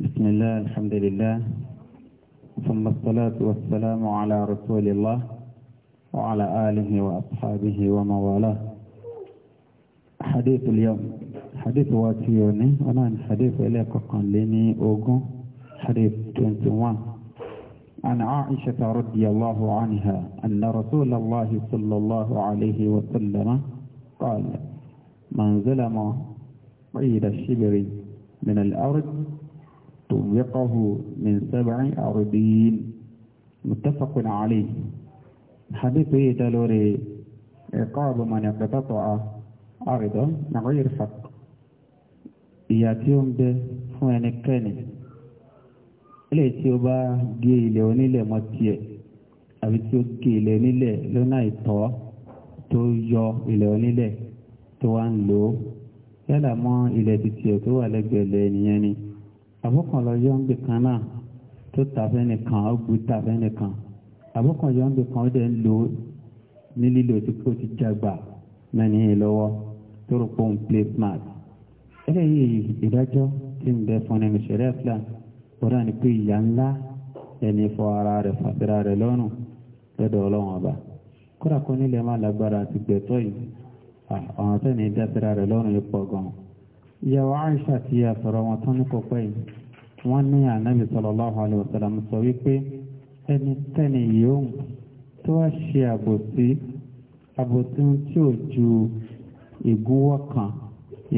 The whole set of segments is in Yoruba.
بسم الله الحمد لله ثم الصلاة والسلام على رسول الله وعلى آله وأصحابه وموالاه حديث اليوم حديث واتيوني أنا حديث إليك قال لني أوغو حديث 21 عن عائشة رضي الله عنها أن رسول الله صلى الله عليه وسلم قال من ظلم عيد الشبر من الأرض طبقه من سبع أرضين متفق عليه حديث تلوري عقاب من اقتطع أرضا من غير حق ياتيهم به fún ẹnikẹ́ni ilé tí ó bá gé ilẹ̀ onílẹ̀ mọ́ tiẹ̀ àbí tí ó gé ilẹ̀ onílẹ̀ lọ́nà àìtọ́ tó yọ ilẹ̀ onílẹ̀ tó wá ń lò ó yálà mọ́ ilẹ̀ títí ẹ̀ tó wà lẹ́gbẹ̀ẹ́lẹ̀ nìyẹn ni àbúkànlọ yọ̀ǹgbì kan náà tó tàfẹ́ nìkan ó gbé tàfẹ́ nìkan àbúkànlọ yọ̀ǹgbì kan ó dẹ̀ ń lò ní lílo tí kò ti jágbà mẹ́ni yìí lọ́wọ́ tó rò pé òun play smart eléyìí ìdájọ́ tí ń bẹ fún ẹni ṣẹlẹ̀ fúlàn kódà ní pé ìyá ńlá ẹni fọ ara rẹ̀ fàṣẹra rẹ̀ lọ́rùn lọ́dọ̀ ọlọ́wọ́n ọba kódà kó nílẹ̀ má lágbára ọ̀nà tó ní dẹ́sẹ̀rẹ́ rẹ̀ lọ́rùn yìí pọ̀ gan. ìyàwó ti yà sọ̀rọ̀ wọn tán ní kópẹ́ yìí wọ́n ní ànábì sallallahu alaihi wasallam sọ wípé ẹni tẹ́ni yòówù tó wá ṣe àbòsí àbòsí tí ò ju kan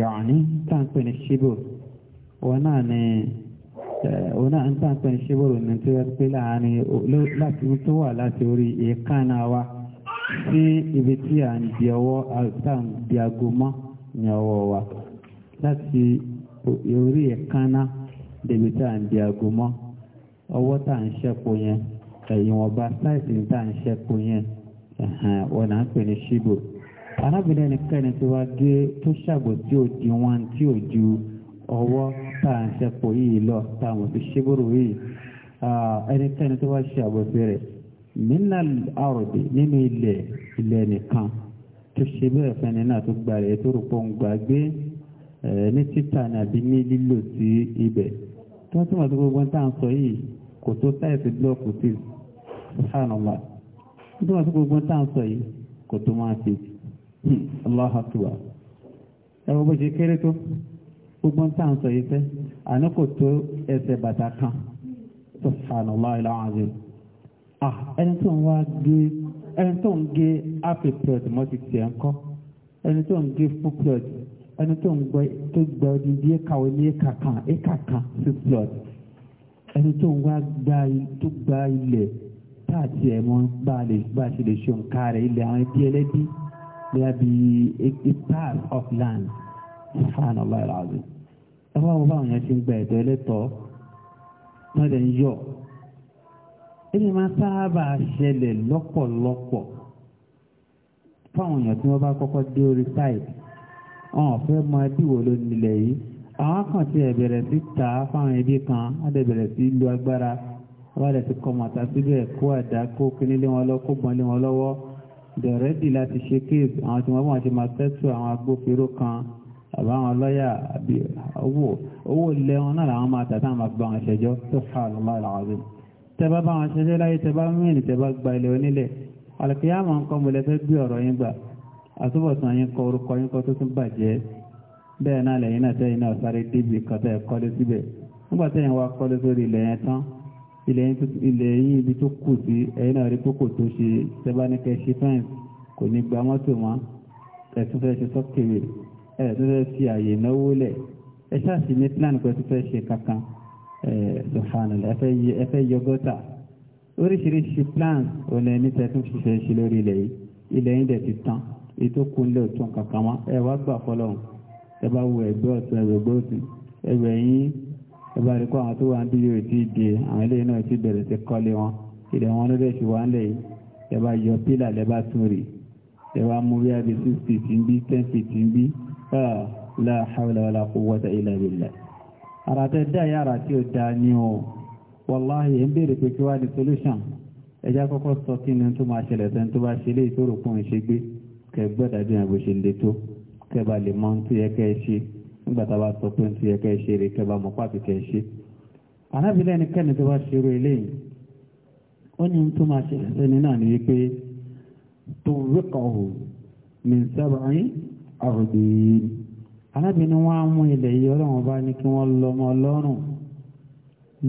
yàní táǹpẹ́ ní ṣíbò wọn náà ní táǹpẹ́ ní ṣíbò ní tí wọ́n pé láàárín láti tó wà láti orí wa. sí ibi tí à ń di ọwọ́ tá à ń di aago mọ́ ní ọwọ́ wa láti orí ẹ̀kánná débi tá à ń di aago mọ́ ọwọ́ tá à ń ṣẹ́po yẹn ẹ̀yìn wọn sáìsì tá à ń ṣẹ́po yẹn wọn à ń pè ní ṣíbò arábìnrin ẹnikẹ́ni tó wá gé tó ṣàgbò tí ò di wọn tí ò ju ọwọ́ tá à ń ṣẹ́po yìí lọ tá à mọ̀ sí ṣíbòrò yìí ẹnikẹ́ni tó wá ṣe àbòsí rẹ̀ nínà àròdì nínú ilẹ̀ ilẹ̀ nìkan tó ṣe bẹ́ẹ̀ fẹ́ni náà tó gba rẹ̀ tó rò pọ̀ ń gbàgbé ní títà nàbí ní lílò sí ibẹ̀ tó ń túmọ̀ sí gbogbo ń tà ń sọ yìí kò tó táìsì blọọkù sí subhanallah tó ń túmọ̀ sí gbogbo ń tà ń sọ yìí kò tó máa fi Allahu ẹ wo bó ṣe kéré tó gbogbo ń tà ń sọ yìí fẹ́ àná kò tó ẹsẹ̀ bàtà kan subhanallah ilà azim. Ah, ẹni tó ń wá gé ẹni tó ń gé half a plot mọ́ ti tiẹ̀ ń kọ́ ẹni tó ń gé full plot ẹni tó ń gbọ́ tó gba odindi éka wo ní éka kan éka kan six plot ẹni tó ń wá gba tó gba ilẹ̀ tá a tiẹ̀ mọ́ bá a lè bá a ṣe lè ṣe nǹka rẹ̀ ilẹ̀ àwọn ẹbí ẹlẹ́bí bóyá bí a part of land subhanallah alazim ẹ wá wọ báwọn yẹn ti ń gba ẹ̀tọ́ ẹlẹ́tọ́ náà lè ń yọ èyí máa sábà ṣẹlẹ̀ lọ́pọ̀lọpọ̀ fáwọn èèyàn tí wọ́n bá kọ́kọ́ dé orí sáìtì ọ̀n fẹ́ mọ ẹbí wo ló nílẹ̀ yìí àwọn kan ti ẹ̀bẹ̀rẹ̀ sí ta fáwọn ẹbí kan adẹ̀bẹ̀rẹ̀ sí lu agbára wàlẹ̀ ti kọ́ mọ̀tà síbẹ̀ kó àdá kó kíní lé wọn lọ kó bọ́n lé wọn lọ́wọ́ dẹ̀rẹ́dì láti ṣe kéèsì àwọn tí wọ́n bá wọn ti máa tẹ́tù àwọn agbófinró kan àbá àwọn lọ́yà àbí owó owó lẹ́wọ̀n náà làwọn máa tà táwọn máa fi bá wọn ṣẹjọ́ tó lọ́lá làwọn tẹ́bá bá wọn ṣiṣẹ́ láyé tẹ́bá mẹ́rin tẹ́bá gba ilẹ̀ onílẹ̀ alùpùpù nǹkan mọ̀lẹ́ fẹ́ gbé ọ̀rọ̀ yín gbà àtúbọ̀tán yín kọ orúkọ yín kọ tó tún bàjẹ́ bẹ́ẹ̀ náà lẹ́yìn náà tẹ́yìn náà sáré débi kan tẹ́ kọ́lé síbẹ̀ nígbà tẹ́yìn wá kọ́lé sórí ilẹ̀ yẹn tán ilẹ̀ yín ibi tó kù sí ẹ̀yìn náà rí kókò tó ṣe tẹ́bá ní kẹ́ ṣe fẹ́ǹsì kò ní gba mọ́tò mọ́ ẹ̀tún fẹ́ ṣe sọ́kèwé ẹ̀tún fẹ́ fi àyè náwó lẹ̀ ẹ̀ ṣáà sì ní plan pẹ̀tún fẹ́ ṣe kankan subhanallah ẹ fẹ́ yọ gọ́tà oríṣiríṣi plans ọ̀nà ẹni tẹ́ tún ṣiṣẹ́ ṣe lórí ilẹ̀ yìí ilẹ̀ yìí dẹ̀ ti tán ètò kunlẹ̀ òtún kankan mọ́ ẹ wá gbà fọlọ́hún ẹ bá wo ẹgbẹ́ ọ̀tún ẹgbẹ́ òsì ẹgbẹ́ yín ẹ bá rí kó àwọn tó wà ń bí yóò ti di àwọn eléyìí náà ti bẹ̀rẹ̀ sí kọ́lé wọn ilẹ̀ wọn ló dẹ̀ ṣì wá ńlẹ̀ yìí ẹ bá yọ pílà lẹ ara tẹ́ dá yàrá tí ó dá ní o ń pé kí wá ní solution ẹjá kọ́kọ́ sọ kí ni tó máa ṣẹlẹ̀ tẹ́ tó bá ṣe lé ìṣòro kún ìṣe gbé kẹ gbọ́dà bí wọn bó ṣe lè tó kẹ bá lè mọ tó yẹ kẹ ṣe nígbà tá a bá sọ pé tó yẹ kẹ ṣe rè kẹ bá mọ pàtó kẹ ṣe. arábìnrin kẹ́ni arábìnrin wọn á mú ilẹ̀ yìí ọlọ́run bá ní kí wọ́n lọ ọmọ ọlọ́run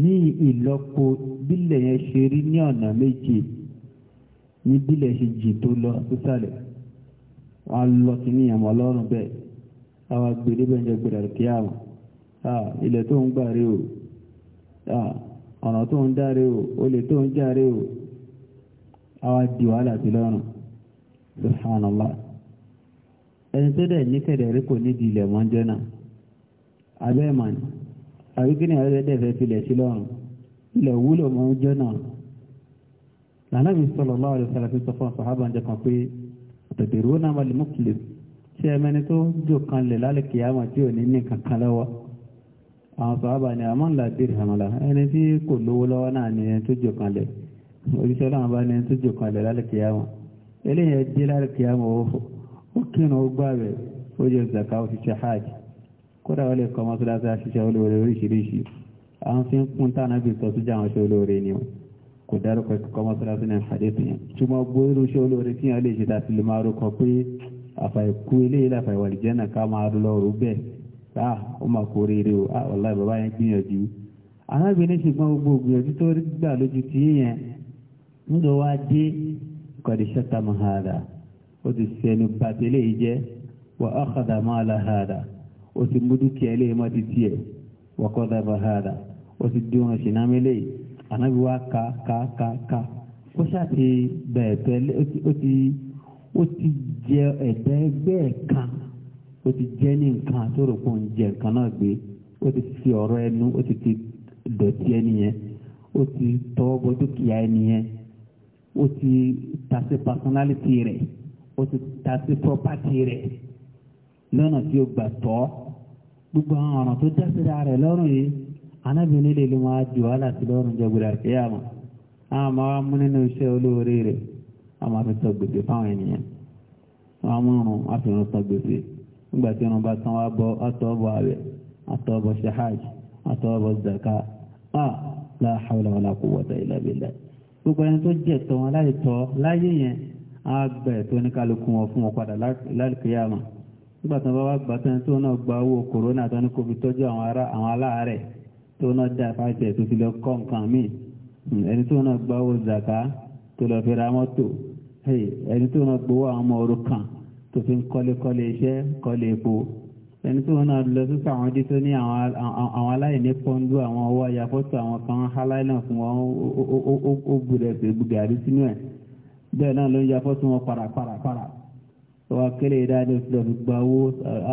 ní ìlọ́po bílẹ̀ yẹn ṣe rí ní ọ̀nà méje ní bílẹ̀ ṣe jì tó lọ sísàlẹ̀ wọn á lọ sí ní ìyàmọ̀ ọlọ́run bẹ́ẹ̀ àwọn agbèrè bẹ́ẹ̀ jẹ́ gbèrè kí àwọn ilẹ̀ tó ń gbà rí o ọ̀nà tó ń dá rí o olè tó ń já rí o àwọn di wàhálà lọ́rùn subhanallah ẹni tó dẹ̀ ní kẹ̀dẹ̀ rí kò nídìí ilẹ̀ mọ́jọ́ náà abẹ́ mà ní àríkínì ẹ̀rọ dẹ̀ fẹ́ filẹ̀ sí lọ́rùn ilẹ̀ wúlò mọ́jọ́ náà lànàbí sọlọ lọ́wọ́ rẹ̀ sọ̀rọ̀ fi sọ fún ọ̀sọ̀hábà jẹ kan pé tètè rú náà wàlẹ̀ mọ́kìlẹ̀ ṣé ẹ mẹ́ni tó jò kan lẹ̀ lálẹ́ kìyàmọ̀ tí ò ní ní kankan lọ́wọ́ àwọn sọ̀hábà ni àmọ́ ńlá dèrè hàmàlà ẹni tí kò lówó lọ́wọ́ náà ni ẹni tó jò kan lẹ̀ òjíṣẹ́ ọlọ́run bá ní ẹni tó jò kan lẹ̀ lálẹ́ kìyàmọ̀ eléyìí ẹ dé lálẹ́ kìyàmọ̀ òfò ó kírun ó gbà rẹ̀ ó zaka ó ṣiṣẹ́ hajj kódà wọlé kọ́ mọ́sálásí àṣìṣe olóore oríṣiríṣi àwọn fi ń kún tánà bí sọ síjà àwọn ṣe olóore ni wọn kò dárúkọ kọ́ mọ́sálásí náà ṣàdé sí yẹn túmọ̀ gbóòrò ṣe olóore tí yẹn lè ṣe láti lè máa rúkọ pé àfàìkú eléyìí láfàìwàlì jẹ́nà ká máa lọ́rù bẹ́ẹ̀ tá ó máa kó rere o ọ̀la bàbá yẹn gbìyànjú arábìnrin ṣùgbọ́n gbogbo gbìyànjú tó rí gbà lójú ti yẹn ó ti sẹnu bàtẹ́lẹ̀ yìí jẹ́ wà á kàdà máa la hàdà ó ti mú dúkìá lè má ti tiẹ̀ wà kọ́dà bá hàdà ó ti dún ọ̀rọ̀ sìnámẹ́lẹ̀ yìí ànábi wá ká ká ká ká ó ṣàti bẹ̀ẹ̀bẹ̀ ó ti ó ti jẹ ẹ̀dá ẹgbẹ́ kan ó ti jẹ́ ní nǹkan tó rò pé jẹ nǹkan náà gbé ó ti fi ọ̀rọ̀ ẹnu ó ti ti dọ̀tí ẹni yẹn ó ti tọwọ́ bọ dúkìá ẹni yẹn ó ti tasí personality rẹ̀. O ti ta sí property rẹ̀ lọ́nà tí ó gbà tọ́ gbogbo àwọn ọ̀ràn tó já síra rẹ̀ lọ́rùn yìí anábìnrin lè lè máa jù wá láti lọ́rùn jọgbìlà kíyàmù àwọn máa wá mú nínú iṣẹ́ olóore àwọn máa fi sọ gbèsè fáwọn ènìyàn wọn mú irun wọn fi irun sọ gbèsè nígbà tí irun bá tán wá bọ shahaj zaka a gbogbo ẹni tó jẹ tọ wọn tọ láyé á gba ẹ̀tọ́ oníkálukú wọn fún wọn padà lálùkìyàmà nígbà tí wọn bá wá gbà tán tó náà gba owó kòrónà tó ní kó fi tọ́jú àwọn aláàárẹ̀ tó náà dá ìfàṣẹ tó fi lọ kọ́ nǹkan míì hmm, ẹni tó náà gba owó zaka tó lọ fi ra mọ́tò ẹni tó náà gbowó àwọn ọmọ òrukàn tó fi ń kọ́lé kọ́lé iṣẹ́ kọ́lé epo ẹni tó náà lọ sí àwọn ọdí tó ní àwọn aláìní pọ́ńdú àwọn ọwọ́ ayapọ́tò àwọn kan hálà fún wọn ó gbúdẹ̀ fẹ́ gbúdẹ̀ àdúsínú ẹ̀ bẹ́ẹ̀ náà ló ń yafọ́ tí wọ́n para para para wọ́n kéré dáadé ti lọ́ọ́ fi gba owó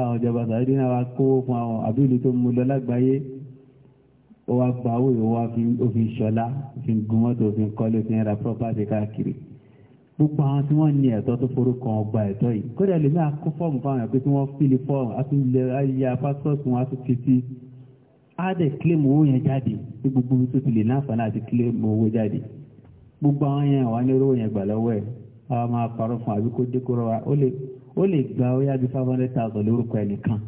àwọn ìjọba sàdé náà wá kówó fún àwọn àbílù tó mú lọ lágbàáyé ó wá gba owó yìí wá òfin ṣọlá òfin gúnmọ́tò òfin kọ́lé òfin ra property káàkiri gbogbo àwọn tí wọ́n ní ẹ̀tọ́ tó forúkọ ọgbà ẹ̀tọ́ yìí kódà lèmi àkó fọ́ọ̀mù fáwọn ẹ̀pẹ́ tí wọ́n fìlì fọ́ọ̀mù àtúnlẹ̀ ayé apásọ́ọ̀sì wọn àti fìtì á dẹ̀ kílèmù owó yẹn jáde ní gbogbo tó ti lè láǹfààní àti gbogbo àwọn yẹn wà ní olówó yẹn gbà lọ́wọ́ ẹ̀ àwọn máa parọ́ fún àbí kó dé kóró wa ó lè gba óyá bí five hundred thousand lórúkọ ẹnìkan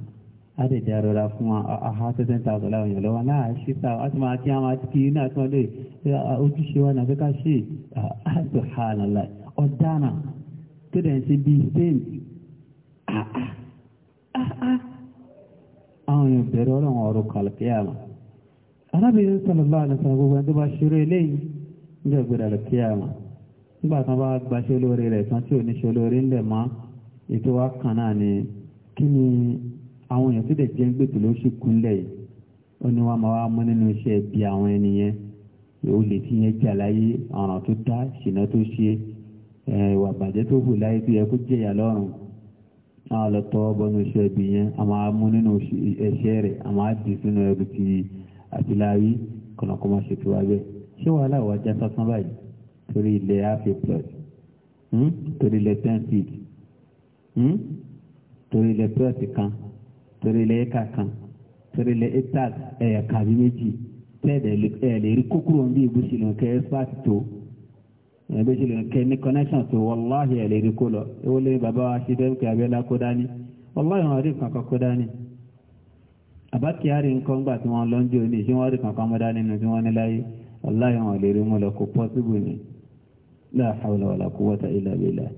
á lè dá rọra fún wa aha ten thousand láwọn yẹn lọ́wọ́ náà ṣe ta á ti máa kí á máa kí ní àti wọn lè ojúṣe wa náà fẹ́ká ṣe àtúhàlàlà ọ̀daràn tó dẹ̀ ń ṣe bíi stain àwọn èèyàn bẹ̀rẹ̀ ọ̀rọ̀ ọ̀rọ̀ kàlùkìyàmà arábìnrin sọ̀rọ̀ bá àlùfáà gbogbo ẹni tó bá ṣeré eléyìí ní ọ̀gbẹ̀dà lọ kí àmà nígbà tán bá gbaṣẹ́ olóore rẹ̀ tán tí ò ní ṣe olóore ń mọ́ ètò wa kan náà ni kí ni àwọn èèyàn tó dẹ̀ jẹ́ ń gbèsè lóṣù kúnlẹ̀ yìí ó ní wọ́n máa wá mú nínú iṣẹ́ bí àwọn ẹni yẹn olè tí yẹn jà láyé ọ̀ràn tó dá ṣìnà tó ṣe ìwà bàjẹ́ tó hù láyé tó yẹ kó jẹ̀yà lọ́rùn àwọn ọlọ́tọ́ bọ́nú iṣẹ́ ibi yẹn a máa mú nínú ẹ̀ṣẹ̀ rẹ̀ a máa dì sínú ẹrù ti àtìláyé kọ̀nàkọ́mọ́ ṣètò wa ṣé wàhálà wà já sásán báyìí torí ilẹ̀ afi plus hmm? torí ilẹ̀ ten feet hmm? torí ilẹ̀ plus kan torí ilẹ̀ eka kan torí ilẹ̀ hectare ẹ̀yà kàbí méjì tẹ́ẹ̀dẹ̀ ẹ̀ lè rí kókóró bí ibùsùn lòun kẹ́ expert tó ẹ̀bí ṣe kẹ́ ní connection tó wọláhì ẹ̀ lè rí kó lọ ó lé bàbá wa ṣe dẹ́kun abẹ́lá kó dání wọláhì wọn rí kankan kó dání àbá kyari nǹkan gbà tí wọ́n lọ ní ṣé wọ́n rí kankan mọ́ dání nù tí wọ́n ní láyé wàláyé wọn lè rí mú lọ kó pọ́síbù ni la hawla wala quwwata illa billah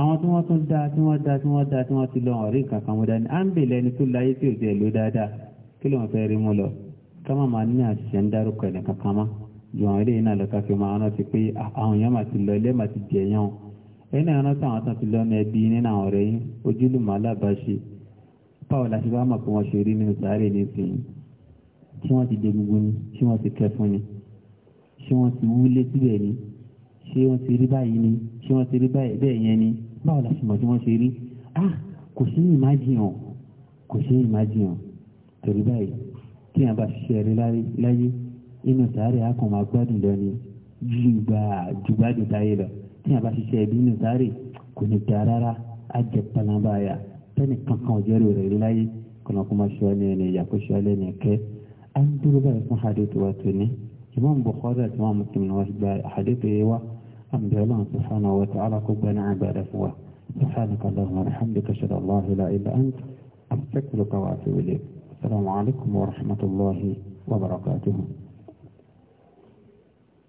àwọn tí wọ́n tún dá tí wọ́n dá tí wọ́n dá tí wọ́n ti lọ ọ̀rí nǹkan kan mú dání à ń bèèrè ẹni tó láyé tí ò tiẹ̀ ló dáadáa kí ló ń fẹ́ rí mú lọ ká má máa ní àṣìṣe ń dárúkọ ẹ̀nì kankan mọ́ ju àwọn eléyìí náà lọ ká fi máa rántí pé àwọn èèyàn máa ti lọ ilé máa ti jẹ yán ẹni náà rántí àwọn tí wọ́n ti dé ṣé wọ́n ti wúlé síbẹ̀ ni ṣé wọ́n ti rí báyìí ni ṣé wọ́n ti rí bẹ́ẹ̀ yẹn ni báwo la ṣe mọ̀ tí wọ́n ṣe rí ah kò sí ìmájìyàn kò sí ìmájìyàn torí báyìí kí a bá ṣiṣẹ́ rí láyé inú sáré a kàn máa gbádùn lọ ni ju gbádùn táyé lọ tí a bá ṣiṣẹ́ ibi inú sáré kò ní da rárá á jẹ palamba ya tẹ́nì kankan òjẹ́rì rẹ̀ rí láyé kọ̀nà kó máa ṣọ́ ní ẹni ìyàkóṣọ́ lẹ́nu ẹ̀kẹ́ á ń dúró báyìí fún إمام بخاري إمام مسلم واجب حديثه إيوة، هو أن بيلان سبحانه وتعالى كبنا عبادة فوا سبحانك اللهم وبحمدك أشهد أن لا إله إلا أنت أستغفرك وأتوب إليك السلام عليكم ورحمة الله وبركاته